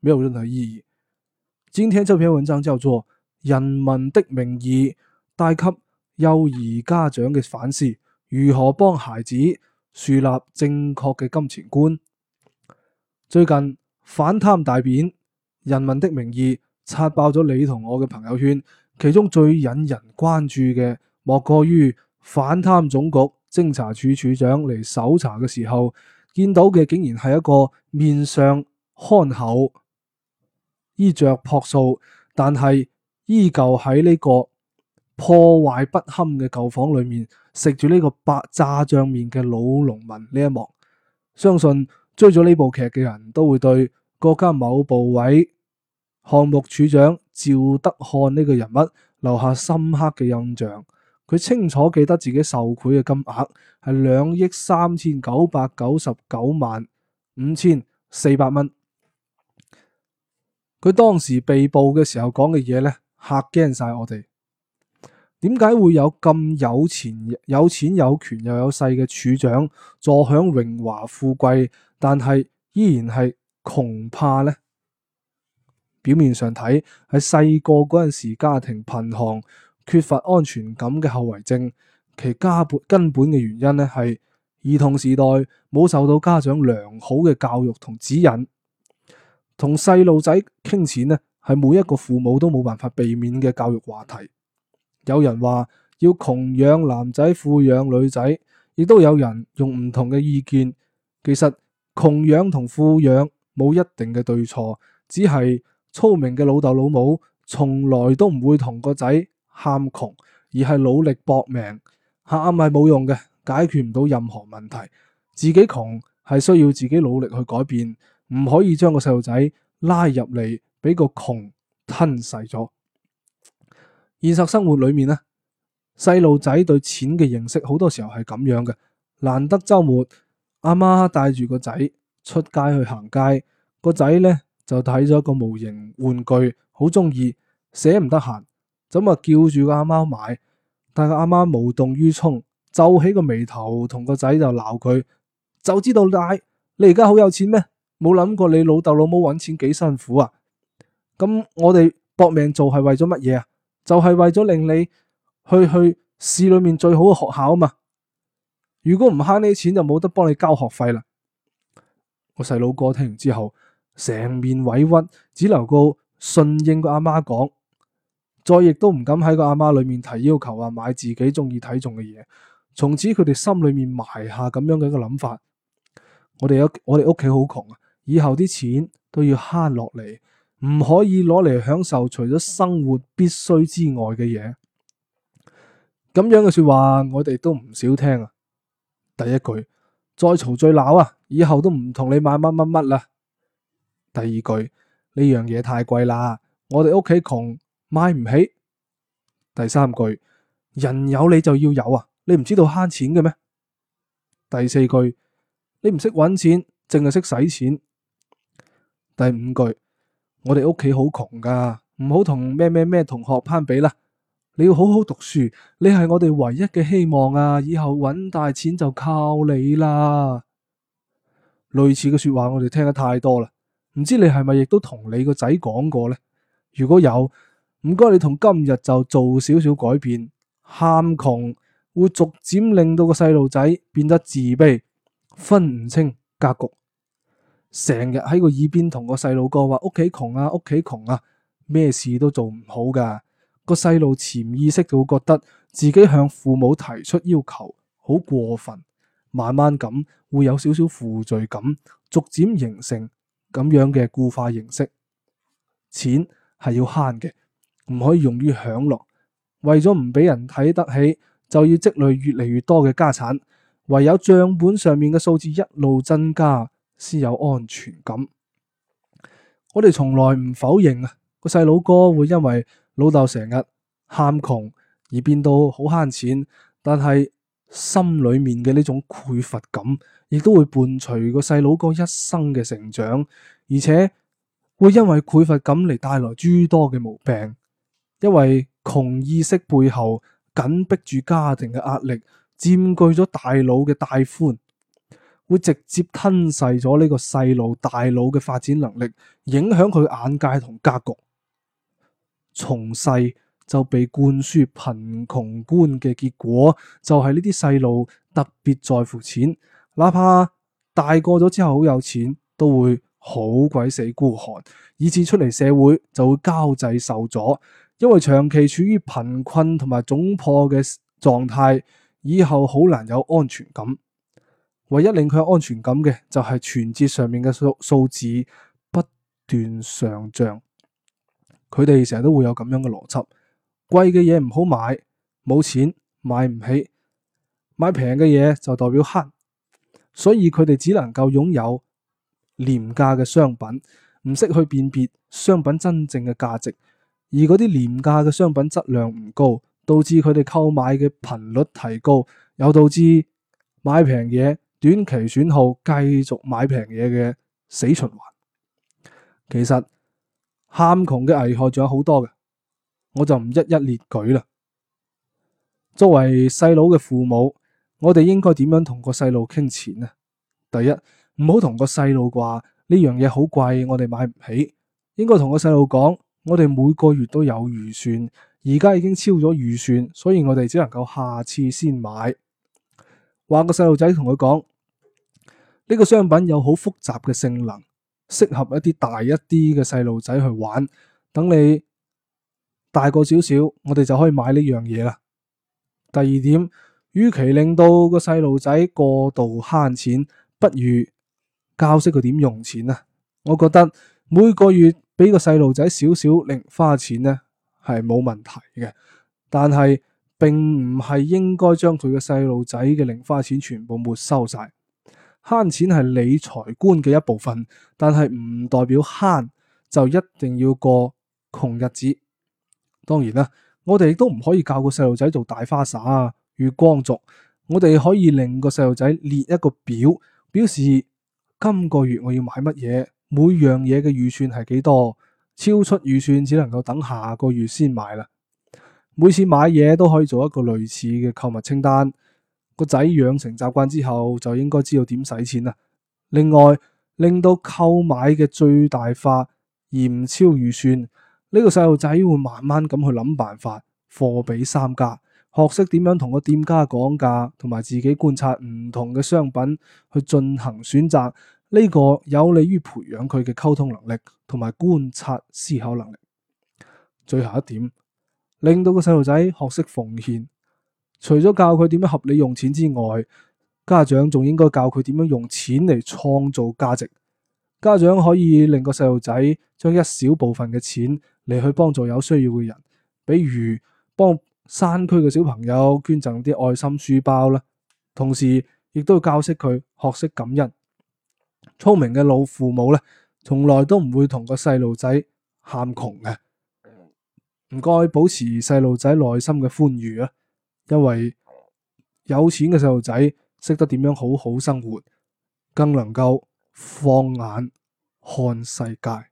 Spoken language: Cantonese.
沒有任何意義。今天這篇文章叫做《人民的名義》，帶給幼兒家長嘅反思：如何幫孩子樹立正確嘅金錢觀？最近反貪大片，《人民的名義》刷爆咗你同我嘅朋友圈。其中最引人關注嘅，莫過於反貪總局偵查處處長嚟搜查嘅時候，見到嘅竟然係一個面相憨厚。衣着樸素，但係依舊喺呢個破敗不堪嘅舊房裏面食住呢個白炸醬麵嘅老農民呢一幕，相信追咗呢部劇嘅人都會對國家某部委項目處長趙德漢呢個人物留下深刻嘅印象。佢清楚記得自己受賄嘅金額係兩億三千九百九十九萬五千四百蚊。佢當時被捕嘅時候講嘅嘢呢，嚇驚晒我哋。點解會有咁有錢、有錢有權又有勢嘅處長坐享榮華富貴，但係依然係窮怕呢？表面上睇，喺細個嗰陣時家庭貧寒、缺乏安全感嘅後遺症。其根本根本嘅原因呢，係兒童時代冇受到家長良好嘅教育同指引。同細路仔傾錢呢，係每一個父母都冇辦法避免嘅教育話題。有人話要窮養男仔，富養女仔，亦都有人用唔同嘅意見。其實窮養同富養冇一定嘅對錯，只係聰明嘅老豆老母從來都唔會同個仔喊窮，而係努力搏命。喊係冇用嘅，解決唔到任何問題。自己窮係需要自己努力去改變。唔可以將個細路仔拉入嚟，俾個窮吞噬咗。現實生活裏面咧，細路仔對錢嘅認識好多時候係咁樣嘅。難得周末，阿媽帶住個仔出街去行街，個仔呢，就睇咗個模型玩具，好中意，捨唔得閒，咁啊叫住個阿媽買，但係阿媽無動於衷，皺起個眉頭，同個仔就鬧佢，就知道賴你而家好有錢咩？冇諗過你老豆老母揾錢幾辛苦啊！咁我哋搏命做係為咗乜嘢啊？就係為咗令你去去市裏面最好嘅學校啊嘛！如果唔慳呢啲錢，就冇得幫你交學費啦。我細佬哥聽完之後，成面委屈，只留個順應個阿媽講，再亦都唔敢喺個阿媽裏面提要求啊，話買自己中意睇重嘅嘢。從此佢哋心裏面埋下咁樣嘅一個諗法：我哋屋我哋屋企好窮啊！以後啲錢都要慳落嚟，唔可以攞嚟享受除咗生活必需之外嘅嘢。咁樣嘅說話我哋都唔少聽啊。第一句，再嘈再鬧啊，以後都唔同你買乜乜乜啦。第二句，呢樣嘢太貴啦，我哋屋企窮，買唔起。第三句，人有你就要有啊，你唔知道慳錢嘅咩？第四句，你唔識揾錢，淨係識使錢。第五句，我哋屋企好窮噶，唔好同咩咩咩同學攀比啦。你要好好讀書，你係我哋唯一嘅希望啊！以後揾大錢就靠你啦。類似嘅說話我哋聽得太多啦，唔知你係咪亦都同你個仔講過呢？如果有，唔該你同今日就做少少改變，喊窮會逐漸令到個細路仔變得自卑，分唔清格局。成日喺個耳邊同個細路哥話屋企窮啊，屋企窮啊，咩事都做唔好噶。個細路潛意識就會覺得自己向父母提出要求好過分，慢慢咁會有少少負罪感，逐漸形成咁樣嘅固化形式。錢係要慳嘅，唔可以用於享樂。為咗唔俾人睇得起，就要積累越嚟越多嘅家產，唯有賬本上面嘅數字一路增加。先有安全感。我哋從來唔否認啊，個細佬哥會因為老豆成日喊窮而變到好慳錢，但係心裏面嘅呢種匱乏感，亦都會伴隨個細佬哥一生嘅成長，而且會因為匱乏感嚟，帶來諸多嘅毛病。因為窮意識背後緊逼住家庭嘅壓力，佔據咗大腦嘅大寬，會直接吞噬咗呢個細路大腦嘅發展能力，影響佢眼界同格局。從細就被灌輸貧窮觀嘅結果，就係呢啲細路特別在乎錢，哪怕大個咗之後好有錢，都會好鬼死孤寒，以至出嚟社會就會交際受阻，因為長期處於貧困同埋窘迫嘅狀態，以後好難有安全感。唯一令佢有安全感嘅，就係存折上面嘅數數字不斷上漲。佢哋成日都會有咁樣嘅邏輯：貴嘅嘢唔好買，冇錢買唔起，買平嘅嘢就代表慳。所以佢哋只能夠擁有廉價嘅商品，唔識去辨別商品真正嘅價值。而嗰啲廉價嘅商品質量唔高，導致佢哋購買嘅頻率提高，有導致買平嘢。短期損耗繼續買平嘢嘅死循環。其實喊窮嘅危害仲有好多嘅，我就唔一一列舉啦。作為細佬嘅父母，我哋應該點樣同個細路傾錢呢？第一，唔好同個細路話呢樣嘢好貴，我哋買唔起。應該同個細路講，我哋每個月都有預算，而家已經超咗預算，所以我哋只能夠下次先買。話個細路仔同佢講。呢個商品有好複雜嘅性能，適合一啲大一啲嘅細路仔去玩。等你大個少少，我哋就可以買呢樣嘢啦。第二點，與其令到個細路仔過度慳錢，不如教識佢點用錢啊！我覺得每個月俾個細路仔少少零花錢咧，係冇問題嘅。但係並唔係應該將佢嘅細路仔嘅零花錢全部沒收晒。慳錢係理財觀嘅一部分，但係唔代表慳就一定要過窮日子。當然啦，我哋亦都唔可以教個細路仔做大花灑啊、月光族。我哋可以令個細路仔列一個表，表示今個月我要買乜嘢，每樣嘢嘅預算係幾多，超出預算只能夠等下個月先買啦。每次買嘢都可以做一個類似嘅購物清單。個仔養成習慣之後就應該知道點使錢啦。另外令到購買嘅最大化而唔超預算，呢個細路仔會慢慢咁去諗辦法，貨比三家，學識點樣同個店家講價，同埋自己觀察唔同嘅商品去進行選擇。呢個有利於培養佢嘅溝通能力同埋觀察思考能力。最後一點，令到個細路仔學識奉獻。除咗教佢點樣合理用錢之外，家長仲應該教佢點樣用錢嚟創造價值。家長可以令個細路仔將一小部分嘅錢嚟去幫助有需要嘅人，比如幫山區嘅小朋友捐贈啲愛心書包啦。同時，亦都要教識佢學識感恩。聰明嘅老父母咧，從來都唔會同個細路仔喊窮嘅，唔該保持細路仔內心嘅歡愉啊！因為有錢嘅細路仔識得點樣好好生活，更能夠放眼看世界。